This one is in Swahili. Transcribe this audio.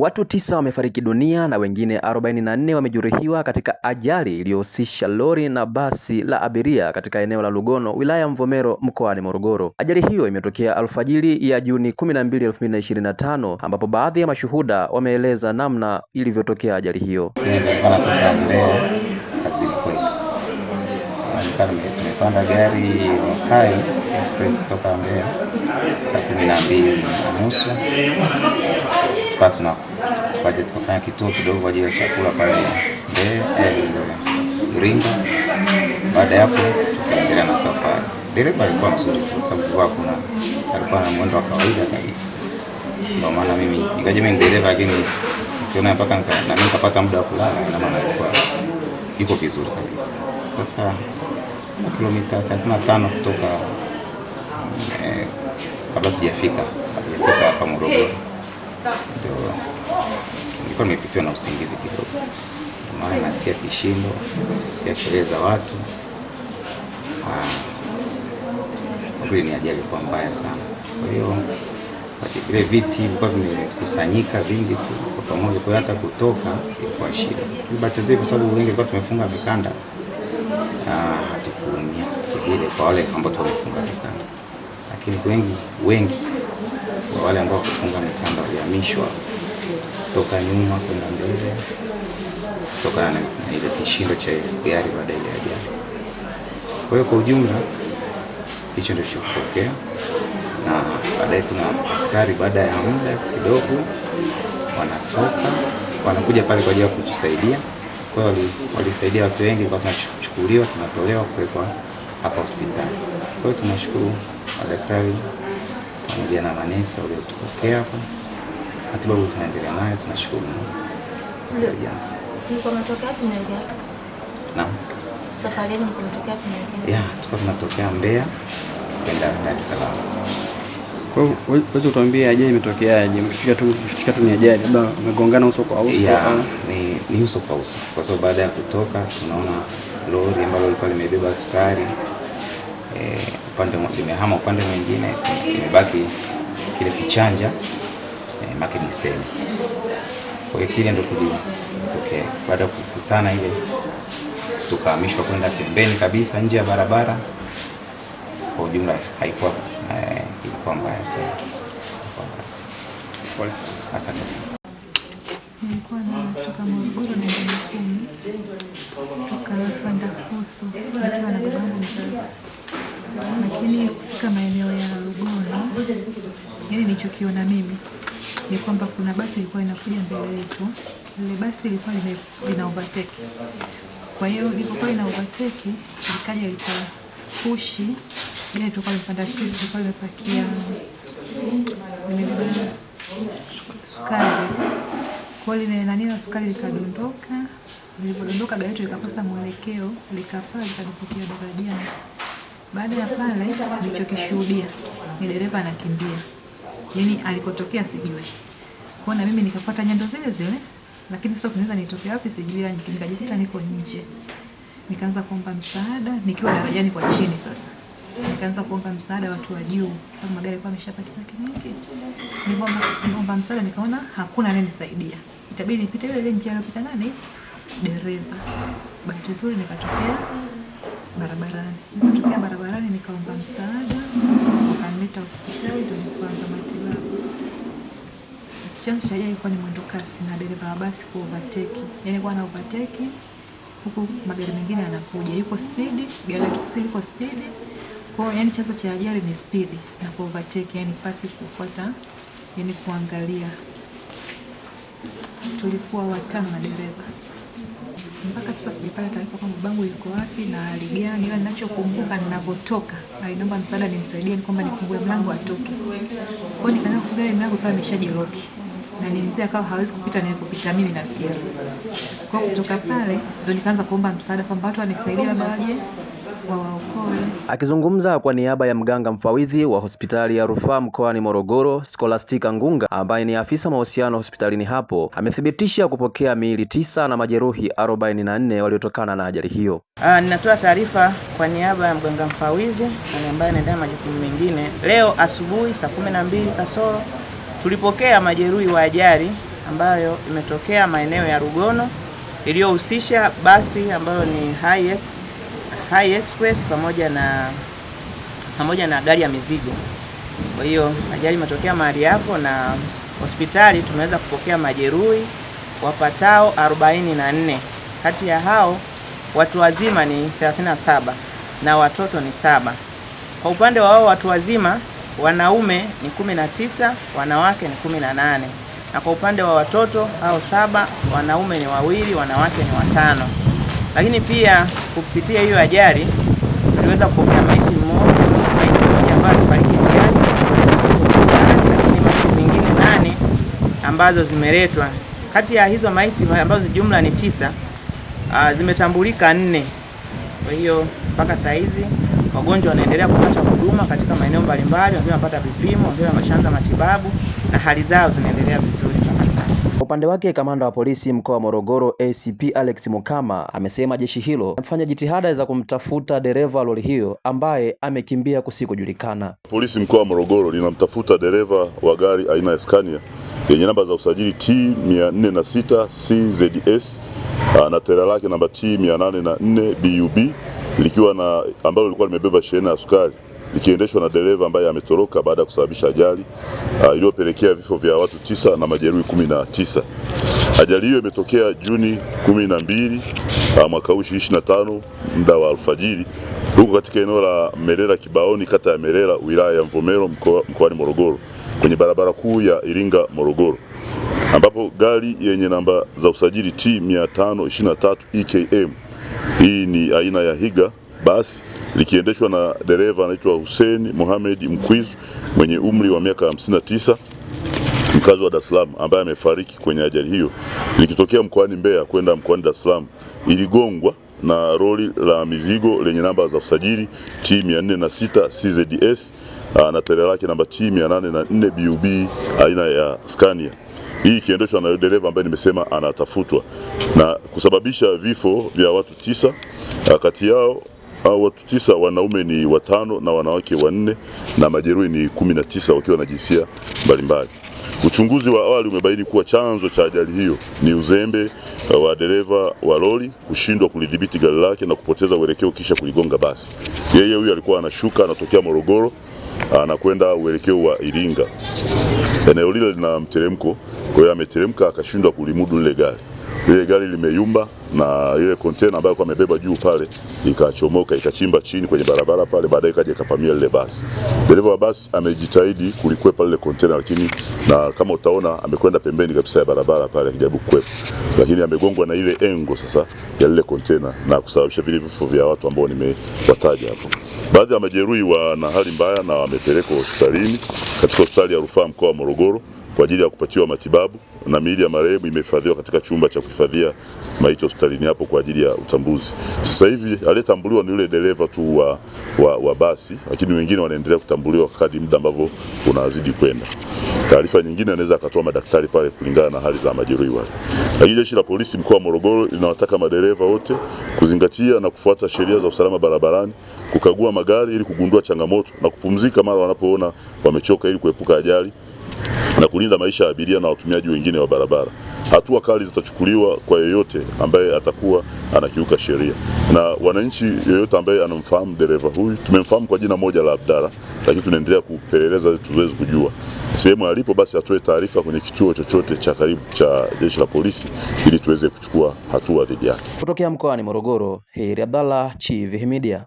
Watu tisa wamefariki dunia na wengine 44 wamejeruhiwa katika ajali iliyohusisha lori na basi la abiria katika eneo la Lugono, wilaya ya Mvomero, mkoani Morogoro. Ajali hiyo imetokea alfajiri ya Juni 12, 2025 ambapo baadhi ya mashuhuda wameeleza namna ilivyotokea ajali hiyo. Tumepanda gari Hai express kutoka Mbeya saa na nusu partner tukaja tukafanya kituo kidogo kwa ajili ya chakula pale eh, Iringa. Baada ya hapo tukaendelea na safari. Dereva alikuwa mzuri kwa sababu kwa kuna alikuwa na mwendo wa kawaida kabisa, ndio maana mimi nikaje mimi dereva, lakini ukiona mpaka nika, na mimi nikapata muda wa kulala, na maana alikuwa yuko vizuri kabisa. Sasa na kilomita 35 kutoka eh, kabla tujafika tujafika hapa Morogoro nilikuwa nimepitiwa na usingizi kidogo, maana nasikia kishindo, nasikia kelele za watu. Ah, kwa kweli ni ajali kwa mbaya sana. Kwa hiyo vile viti vilikuwa vimekusanyika vingi tu kwa pamoja, kwa hata kutoka ilikuwa shida. Bahati nzuri kwa sababu wengi kwa tumefunga vikanda, hatukuumia vile kwa wale ambao tumefunga vikanda, lakini wengi wengi wale ambao kufunga mikanda walihamishwa toka nyuma kwenda mbele kutokana na ile kishindo cha gari baada ya ajali. Kwa hiyo kwa ujumla hicho ndio kilichotokea, na baadaye tuna askari baada ya muda kidogo wanatoka wanakuja pale kwa ajili ya kutusaidia. Kwa hiyo walisaidia watu wengi, kwa tunachukuliwa tunatolewa kuwekwa hapa hospitali. Kwa hiyo tunashukuru madaktari pamoja na manesi waliotupokea hapa. Matibabu tunaendelea nayo, tunashukuru. Tuko tunatokea Mbeya kwenda Dar es Salaam. Kwa hiyo uweze kutuambia ajali imetokeaje? Mkifika tu mkifika tu ni ajali, labda umegongana uso kwa uso. Yeah, ni, ni uso kwa uso, kwa sababu baada ya kutoka tunaona lori ambalo lilikuwa limebeba sukari Eh, upande limehama upande mwingine, imebaki kile kichanja e, eh, makiniseni. Kwa hiyo kile ndo kilitokea. Baada ya kukutana ile, tukahamishwa kwenda pembeni kabisa nje ya barabara. Kwa ujumla haikuwa eh, ilikuwa mbaya sana. Asante sana. Nilikuwa natoka Morogoro na Kumi, tukakwenda Fuso nikiwa na babangu mzazi lakini kufika maeneo ya Rugoni, yani nilichokiona mimi ni kwamba kuna basi ilikuwa inakuja mbele yetu. Ile basi ilikuwa ina overtake, kwa hiyo ilipokuwa ina overtake likaja likapushi gari tulikuwa limepanda sisi, ilikuwa limepakia sukari kwa lile nani la sukari likadondoka. Lilipodondoka gari yetu likakosa mwelekeo, likafaa likadumbukia darajani. Baada ya pale, nilichokishuhudia ni dereva anakimbia, yaani alikotokea sijui. Kwa na mimi nikafuata nyendo zile zile, lakini sasa kunaweza nitoke wapi sijui, ila yaani nikajikuta niko nje, nikaanza kuomba msaada nikiwa darajani kwa chini. Sasa nikaanza kuomba msaada watu wa juu, sababu magari kwa ameshapaki paki mengi. Nikaomba niliomba msaada, nikaona hakuna anayenisaidia, itabidi nipite ile ile njia aliyopita nani dereva. Bahati nzuri nikatokea barabarani, nikatokea barabarani nikaomba msaada, wakanileta hospitali ndio nikaanza matibabu. Chanzo cha ajali ilikuwa ni mwendo kasi na dereva wa basi ku overtake, yani kwa na overtake huku magari mengine yanakuja, yuko spidi, gari letu sisi liko spidi kwa yani, chanzo cha ajali ni spidi na ku overtake, yani pasi kufuata, yani kuangalia. Tulikuwa watano na dereva mpaka sasa sijapata taarifa kwamba babangu yuko wapi na hali gani, ila ninachokumbuka ninavyotoka alinomba msaada nimsaidie kwamba nifungue mlango atoke. Kwa hiyo nikaanza kufunga ile mlango ikawa imeshajiroki na ni mzee akawa hawezi kupita nilipopita mimi nafikiri. Kwa kutoka pale ndio nikaanza kuomba msaada kwamba watu wanisaidie labda waje Akizungumza kwa niaba ya mganga mfawidhi wa hospitali ya rufaa mkoani Morogoro, Scholastica Ngunga, ambaye ni afisa mahusiano hospitalini hapo, amethibitisha kupokea miili tisa na majeruhi 44 waliotokana na ajali hiyo. Aa, ah, ninatoa taarifa kwa niaba ya mganga mfawidhi ambaye anaendana majukumu mengine. Leo asubuhi saa kumi na mbili kasoro tulipokea majeruhi wa ajali ambayo imetokea maeneo ya Rugono iliyohusisha basi ambayo ni Hai Express pamoja na pamoja na gari ya mizigo. Kwa hiyo ajali imetokea mahali hapo, na hospitali tumeweza kupokea majeruhi wapatao 44. Kati ya hao watu wazima ni 37 na watoto ni saba. Kwa upande wa hao watu wazima, wanaume ni 19, wanawake ni 18, na kwa upande wa watoto hao saba, wanaume ni wawili, wanawake ni watano. Lakini pia kupitia hiyo ajali tuliweza kupokea maiti mmoja, maiti mmoja ambayo alifariki njiani lakini maiti zingine nane ambazo zimeletwa. Kati ya hizo maiti ambazo jumla ni tisa, uh, zimetambulika nne. Kwa hiyo mpaka saa hizi wagonjwa wanaendelea kupata huduma katika maeneo mbalimbali, wanapata vipimo, wakiwa wameshaanza matibabu na hali zao zinaendelea vizuri mpaka sasa upande wake, kamanda wa polisi mkoa wa Morogoro ACP Alex Mukama amesema jeshi hilo amefanya jitihada za kumtafuta dereva lori hiyo ambaye amekimbia kusikojulikana. Polisi mkoa wa Morogoro linamtafuta dereva wa gari aina ya Scania yenye namba za usajili T 406 CZS na ah, tera lake namba T 804 BUB likiwa na ambalo lilikuwa limebeba shehena ya sukari ikiendeshwa na dereva ambaye ametoroka baada ya kusababisha ajali uh, iliyopelekea vifo vya watu tisa na majeruhi kumi na tisa. Ajali hiyo imetokea Juni kumi na mbili uh, mwaka huu 2025 muda wa alfajiri huko katika eneo la Merera Kibaoni, kata ya Merera, wilaya ya Mvomero, mkoani Morogoro, kwenye barabara kuu ya Iringa Morogoro, ambapo gari yenye namba za usajili T 523 EKM, hii ni aina ya Higa basi likiendeshwa na dereva anaitwa Hussein Mohamed Mkwizu mwenye umri wa miaka 59 mkazi wa Dar es Salaam ambaye amefariki kwenye ajali hiyo likitokea mkoani Mbeya kwenda mkoani Dar es Salaam, iligongwa na roli la mizigo lenye namba za usajili T 406 CZS na tele ah, lake namba T 804 BUB aina ya Scania, hii ikiendeshwa na dereva ambaye nimesema anatafutwa na kusababisha vifo vya watu tisa, ah, kati yao Uh, watu tisa wanaume ni watano na wanawake wanne na majeruhi ni kumi na tisa wakiwa na jinsia mbalimbali. Uchunguzi wa awali umebaini kuwa chanzo cha ajali hiyo ni uzembe eh, wa dereva wa lori kushindwa kulidhibiti gari lake na kupoteza uelekeo kisha kuligonga basi. Yeye huyu alikuwa anashuka anatokea Morogoro anakwenda uelekeo wa Iringa. Eneo lile lina mteremko, kwa hiyo ameteremka akashindwa kulimudu lile gari lile gari limeyumba na ile container ambayo alikuwa amebeba juu pale ikachomoka ikachimba chini kwenye barabara pale, baadaye kaja ikapamia lile basi. Dereva wa basi amejitahidi kulikwepa lile container, lakini na kama utaona amekwenda pembeni kabisa ya barabara pale akijaribu kukwepa, lakini amegongwa na ile engo sasa ya lile container na kusababisha vile vifo vya watu ambao nimewataja hapo. Baadhi ya majeruhi wana hali mbaya na wamepelekwa hospitalini katika hospitali ya rufaa mkoa wa Morogoro kwa ajili ya kupatiwa matibabu na miili ya marehemu imehifadhiwa katika chumba cha kuhifadhia maiti hospitalini hapo kwa ajili ya utambuzi. Sasa hivi aliyetambuliwa ni yule dereva tu wa, wa, wa basi, lakini wengine wanaendelea kutambuliwa kadri muda ambavyo unazidi kwenda. Taarifa nyingine anaweza akatoa madaktari pale kulingana na hali za majeruhi wale. Lakini jeshi la polisi mkoa wa Morogoro linawataka madereva wote kuzingatia na kufuata sheria za usalama barabarani, kukagua magari ili kugundua changamoto na kupumzika mara wanapoona wamechoka ili kuepuka ajali na kulinda maisha ya abiria na watumiaji wengine wa barabara. Hatua kali zitachukuliwa kwa yeyote ambaye atakuwa anakiuka sheria, na wananchi yeyote ambaye anamfahamu dereva huyu, tumemfahamu kwa jina moja la Abdalla, lakini tunaendelea kupeleleza ili tuweze kujua sehemu alipo, basi atoe taarifa kwenye kituo chochote cha karibu cha jeshi la polisi ili tuweze kuchukua hatua dhidi yake. Kutokea mkoani Morogoro, Heri Abdalla, Chivihi Media.